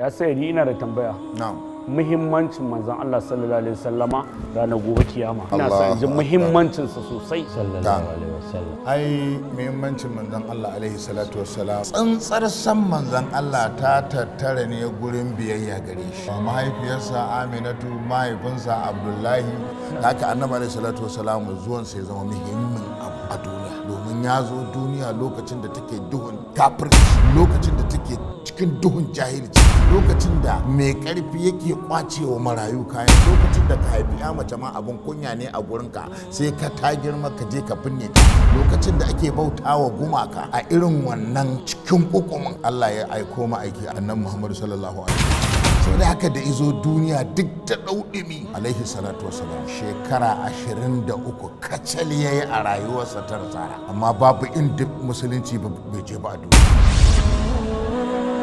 ya sai ni ina da tambaya muhimmancin manzon Allah sallallahu alaihi wasallama ranar gobe kiyama ina sa in ji muhimmancin sa sosai sallallahu alaihi wasallam ai muhimmancin manzon Allah alaihi salatu wassalam tsantsar san manzon Allah ta tattara ne gurin biyayya gare shi mahaifiyarsa Aminatu mahaifinsa Abdullahi haka annabi alaihi salatu wassalam zuwan sai zama muhimmin abu a duniya domin ya zo duniya lokacin da take duhun kafirci lokacin da take cikin duhun jahilci lokacin da mai karfi yake kwacewa marayu kayan lokacin da ka haifi ya mace ma abin kunya ne a gurinka sai ka ta girma ka je ka binne lokacin da ake bauta wa gumaka a irin wannan cikin kukumin Allah ya aiko ma'aiki annabi Muhammadu sallallahu alaihi wasallam sau da haka da izo duniya duk ta ɗauɗumi alaihi salatu wasalam shekara ashirin da uku kacal ya yi a rayuwarsa ta amma babu inda musulunci bai je ba a duniya